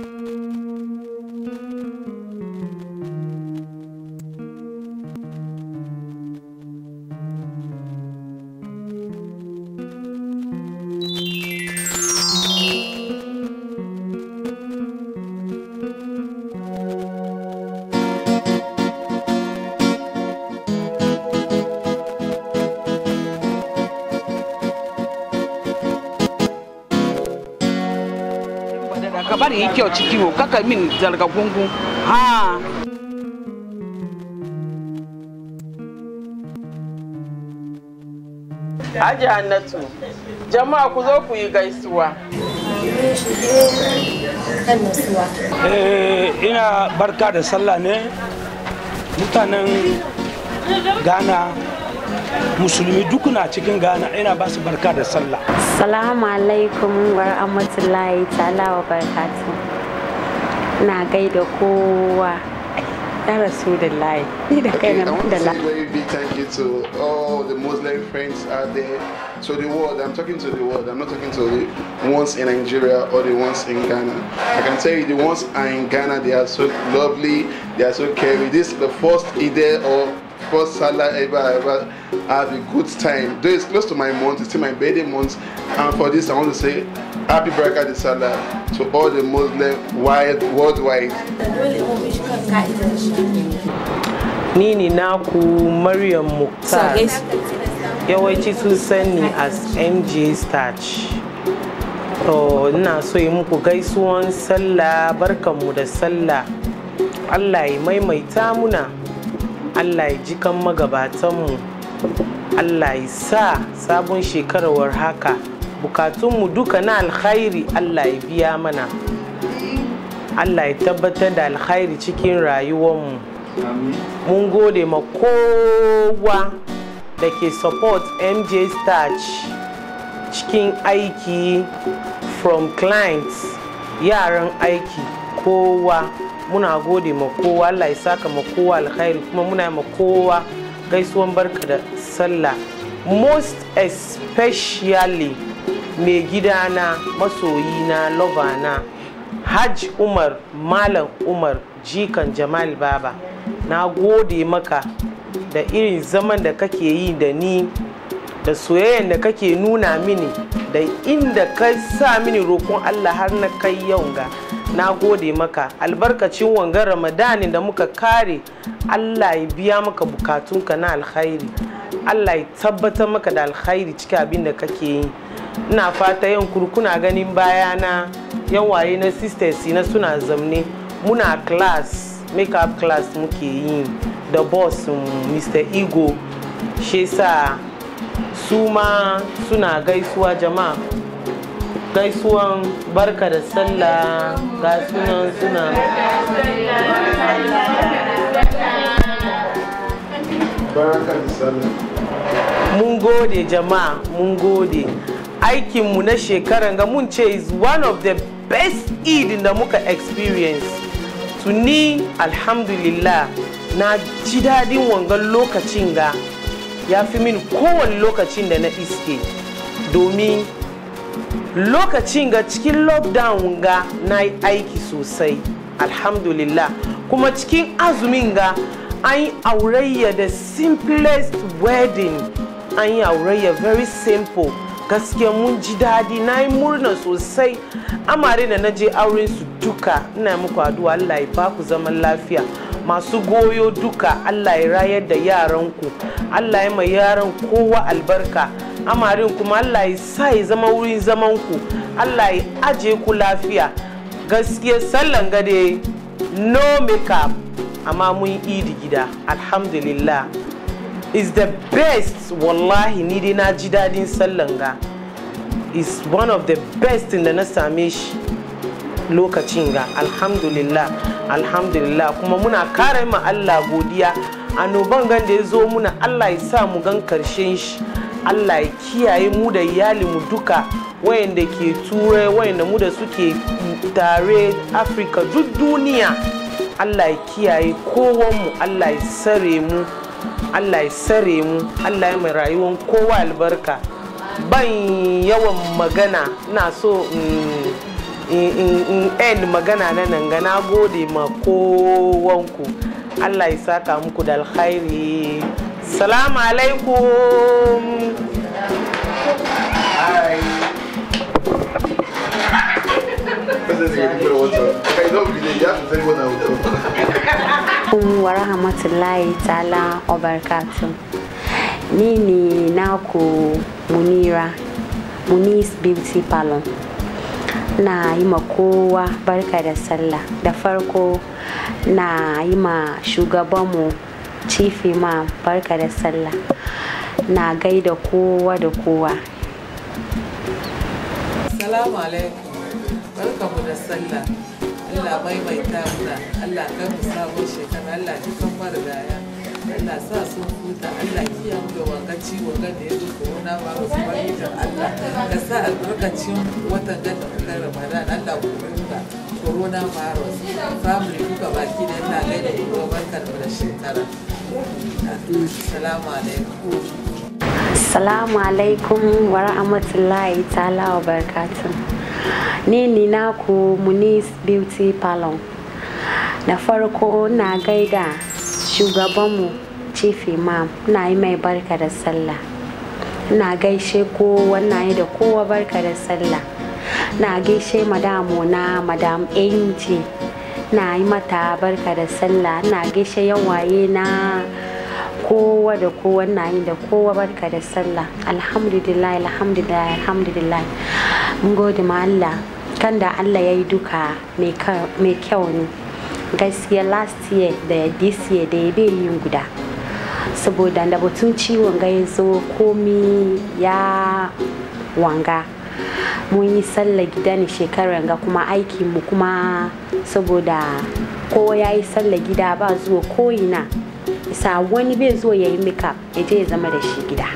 Thank you. ka bari yi kyau ciki wo kaka min zarga gungun ha Haji Hannatu, jama'a ku zo ku yi gaisuwa. Eh, ina barka da sallah ne mutanen Ghana musulmi duk na cikin ghana ina ba su barka da sallah salamu alaikum wa rahmatullahi ta'ala wa barkatu na gaida kowa ya rasu da layi ni da kai na da layi very big thank you to all the muslim friends out there to the world i'm talking to the world i'm not talking to the ones in nigeria or the ones in ghana i can tell you the ones are in ghana they are so lovely they are so caring this is the first idea of. first salary ever I ever have a good time though it's close to my month it's still my birthday month and for this I want to say happy Baraka Barakat Salah to all the Muslim wide worldwide. Nini naku Maria Mukhtar Your way to send me as MJ Starch. To ina so yi muku gaisuwan sallah barkanmu da sallah. Allah ya maimaita muna. allah ya ji kan magabatanmu allah ya sa sabon shekarar haka bukatunmu duka na alkhairi allah ya biya mana allah ya tabbatar da alkhairi cikin rayuwar mu. mun gode ma kowa da ke support mj starch cikin aiki from clients yaran aiki kowa muna gode ma kowa Allah ya saka ma kowa alkhairi kuma muna ma kowa gaisuwan barka da sallah most especially mai gidana masoyina na hajj umar malam umar jikan jamal baba na gode maka da irin zaman da kake yi da ni da soyayyar da kake nuna mini da inda ka sa mini roƙon allah har na kai yau ga na gode maka albarkacin wangan ramadani da muka kare allah ya biya maka bukatunka na alkhairi allah ya tabbatar maka da alkhairi cikin abin da kake yi ina fata yan kurkuna ganin bayana yan waye na sisters na suna zamne muna class makeup class muke yi da boss mr ego shesa suma suna gaisuwa jama'a gaisuwan barka da sallah ga sunan suna mun gode jama'a mun gode aikinmu na shekaran ga mun ce is one of the best eid da muka experience tuni alhamdulillah na ji dadin wangan lokacin ga ya fi min kowane lokacin da na iske domin lokacin ga cikin lockdown ga na yi aiki sosai alhamdulillah kuma cikin azumin ga an yi aurayya the simplest wedding an yi aurayya very simple gaskiya mun ji daɗi na yi murna sosai amare da na je auren su duka ina muku addu'a Allah ya ba ku zaman lafiya masu goyo duka Allah ya rayar da yaranku Allah ya mai yaran kowa albarka amarin kuma Allah ya sa ya zama wurin zaman ku Allah ya aje ku lafiya gaskiya sallan gade no makeup amma mun idi gida alhamdulillah is the best wallahi ni dai na ji dadin sallan ga is one of the best da na same shi lokacin ga alhamdulillah alhamdulillah kuma muna kare ma Allah godiya annoban gan da ya zo muna Allah ya sa mu gan karshen shi Allah ya kiyaye mu da mu duka wayanda ke turai wayanda mu da suke tare Afirka duk duniya Allah ya kiyaye kowanmu Allah ya sare mu Allah ya sare mu Allah ya mai rayuwar kowa albarka ban yawan magana na so in magana na nan ga na gode ma kowanku Allah ya saka muku da alkhairi salamu alaikum wa rahmatullahi ta'ala wa barakatuh nini naku munira munis beauty palon na yi ma kowa barka da sallah da farko na yi ma shugabanmu cifi ma barka da sallah na gaida kowa da kowa salamu alaikum mu da sallah allah maimaita muna allah kan mu sabon shekara allah dukan marigaya allah sa sun huta allah kiya mu da wanga ciwon gan da ya zo corona virus da allah ka sa albarkacin watan gan da ramadan allah ku rinka corona virus family duka baki da allah gaida ku barka da shekara Salamu alaikum wa rahmatullahi ta'ala wa barakatun. Ni ni ku Munis Beauty Palon. Na farko na gaida shugabanmu Chief Imam na yi mai barka da sallah. Na gaishe kowa na yi da kowa barka da sallah. Na gaishe madamu na madam Angie. na yi mata barka da sallah na gaishe yan waye na kowa da kowa na yi da kowa barka da sallah alhamdulillah alhamdulillah alhamdulillah mun gode ma Allah kan da Allah ya yi duka mai kyau ne gaskiya last year da this year da ya bai yin guda saboda da batun ciwon ga ya zo komi ya wanga mun yi sallar gida ne shekarar ga kuma aiki mu kuma saboda kowa ya yi sallar gida ba zuwa ko'ina isa wani bai zo ya yi mika ya je ya zama da shi gida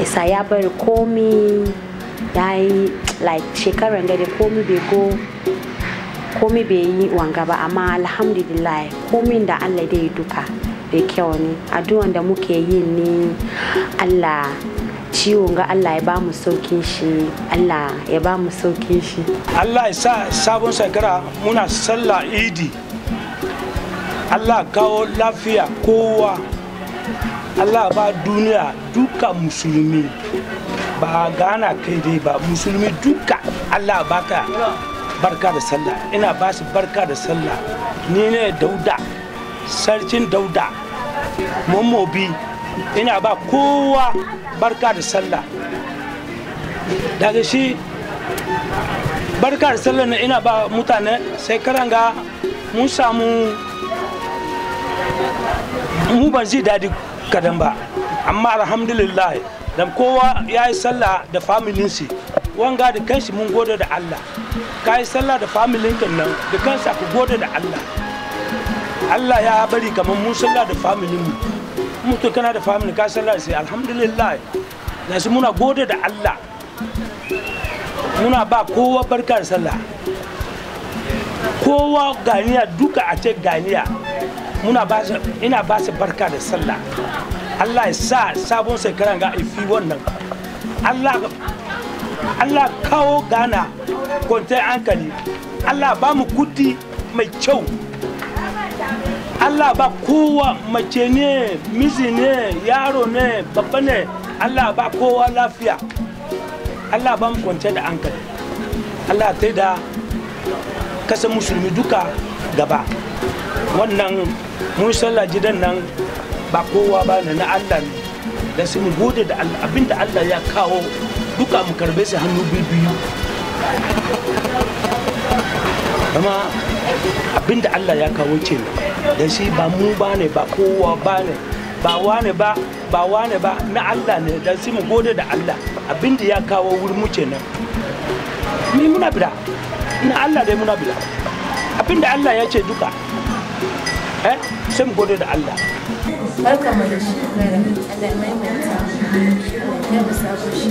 isa ya bari komi ya yi like shekarar gada komi bai go komi bai yi wanga ba amma alhamdulillah komin da allah dai duka da kyau ne addu'an da muke yi ne allah ciwon ga Allah ya ba mu saukin shi Allah ya ba mu saukin shi Allah ya sa sabon shekara muna sallah idi Allah kawo lafiya kowa Allah ba duniya duka musulmi ba gana kai dai ba musulmi duka Allah baka barka da sallah ina ba su barka da sallah ni ne dauda sarkin dauda mamobi ina ba kowa barka da sallah daga shi barka da sallah na ina ba mutane sai karanga mun samu mu ban ji daɗi kadan ba amma alhamdulillah da kowa ya yi sallah da familinsi wanga da kanshi mun gode da allah ka yi sallah da familinka nan da kansa ku gode da allah allah ya bari kamar mun sallah da familinmu mutu kana da family ka san sai alhamdulillah gashi muna gode da Allah muna ba kowa barka da sallah kowa ganiya duka a ce ganiya muna ba su ina ba su barka da sallah Allah ya sa sabon shekara ga ifi wannan Allah Allah kawo gana kwantar hankali Allah ba mu kudi mai kyau Allah ba kowa mace ne miji ne yaro ne babba ne Allah ba kowa lafiya Allah ba mu kwance da hankali Allah ta da kasa musulmi duka gaba wannan mun sallah gidan nan ba kowa ba na na Allah ne da su mu gode da Allah abinda Allah ya kawo duka mu karbe su hannu biyu amma abinda Allah ya kawo ce da shi ba mu ba ne ba kowa ba ne ba wane ba ba wane ba na Allah ne da shi mu gode da Allah abinda ya kawo wuri mu ce nan mi muna bila na Allah dai muna bila abinda Allah ya ce duka eh sai mu gode da Allah barka mu da shi Allah mai mai ta yau sabon shi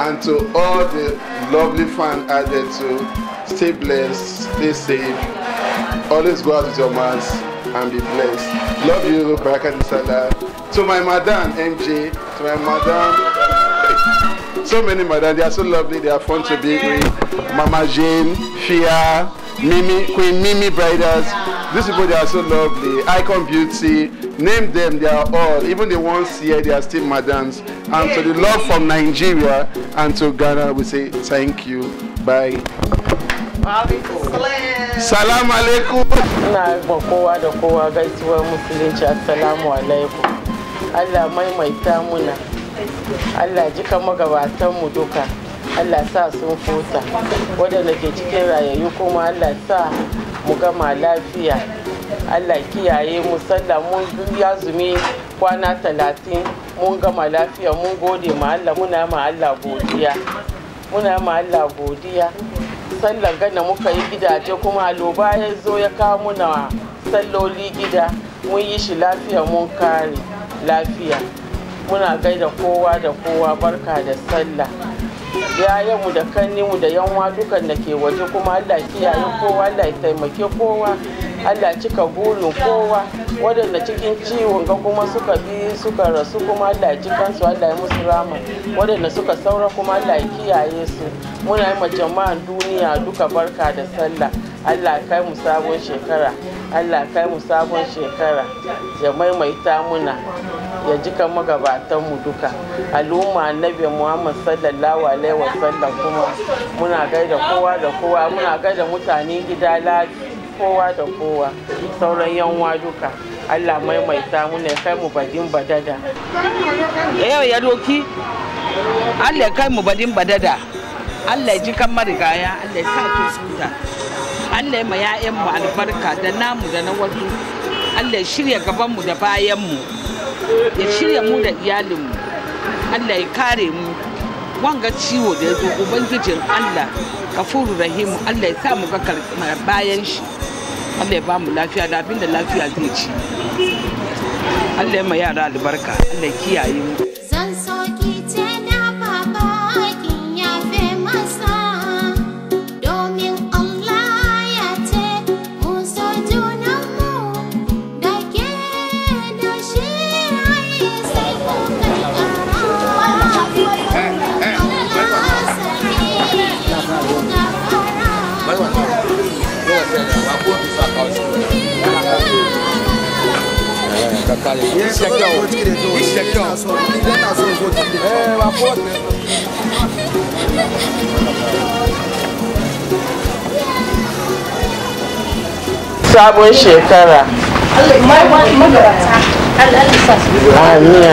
And to all the lovely fans out there too, stay blessed, stay safe, always go out with your mask and be blessed. Love you, Baraka Salah. To my madam, MJ, to my madam, so many madam, they are so lovely, they are fun to be with. Mama Jane, Fia, Mimi, Queen Mimi Bridals. Yeah. These people, they are so lovely. Icon Beauty, name them, they are all. Even the ones here, they are still madams. And to the love from Nigeria and to Ghana, we say thank you. Bye. Salam alaikum. Ina alaikum. Allah maimaita muna. Allah jika magabatanmu duka. allah sa sun huta waɗanda ke cikin rayayyu kuma allah sa mu gama lafiya allah kiyaye mu sallah mun ya zumi kwana talatin mun gama lafiya mun gode ma allah muna ma allah godiya muna ma allah godiya sallar gana muka yi gidaje kuma loba ya zo ya kawo muna salloli gida mun yi shi lafiya mun kare lafiya muna gaida kowa da kowa barka da sallah yayanmu da kanninmu da yanwa dukan da ke waje kuma Allah kiyaye kowa Allah ya taimake kowa Allah cika burin kowa waɗanda cikin ciwon ga kuma suka bi suka rasu kuma Allah ya ci kansu Allah ya musu rama waɗanda suka saura kuma Allah ya kiyaye su muna yi jama'an duniya duka barka da sallah Allah kai mu sabon shekara Allah kai mu sabon shekara ya maimaita muna ya ji kan magabatan mu duka al'umma annabi muhammad sallallahu alaihi wasallam kuma muna gaida kowa da kowa muna gaida mutane gida kowa da kowa sauran yanwa duka allah maimaita mu ne kai mu badin badada yau ya doki allah kai mu badin badada allah ji kan marigaya allah sa ki suta allah ma ya'yan mu albarka da namu da na wasu allah shirya gaban mu da bayan mu ya shirya mu da iyalinmu Allah ya kare mu wanga ciwo da ya zo ubangijin Allah kafuru rahimu Allah ya sa mu ga bayan shi Allah ya ba mu lafiya da abinda lafiya zai ci Allah ya ma yara albarka Allah ya kiyaye mu Eh, sabon shekara Amiya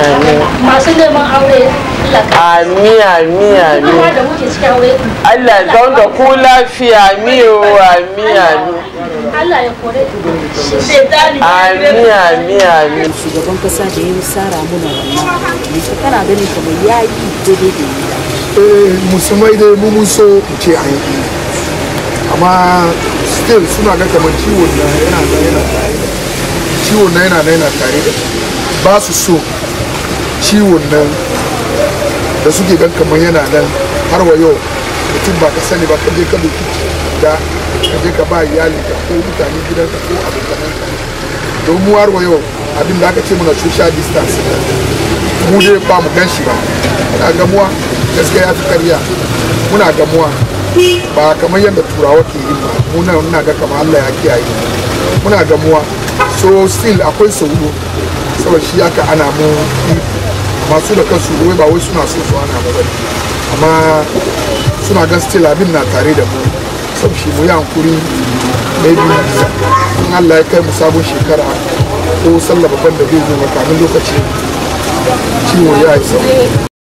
Masu neman aure Amiya miya miya. Allah don da ku lafiya miyo amiya miya. Allah ya kore shedani amin amin shugaban kasa da ya yi sara muna wannan ne kana ganin ya yi daidai da ni eh musulmai dai mu mun so mu ce an yi amma still suna ga kamar ciwon na yana da yana tare ciwon na yana da yana tare ba su so ciwon nan da suke gan kamar yana nan har wa yau mutum ba ka sani ba ka je ka doki da ka je ka ba iyali ka ko mutane ka ko abokanan ka don mu yau abin da aka ce muna social distance mu dai ba mu gan shi ba muna gamuwa gaskiya ya fi karya muna gamuwa ba kamar yadda turawa ke yi ba muna muna ga kamar Allah ya kiyaye muna gamuwa so still akwai sauro saboda shi aka ana mu masu da kansu wai ba wai suna so su ana ba amma suna ga still abin na tare da mu sau shi mu yi hankuri maybe in allah ya kai mu sabon shekara ko sallah babban da zai zo lokacin lokaci ciwo ya yi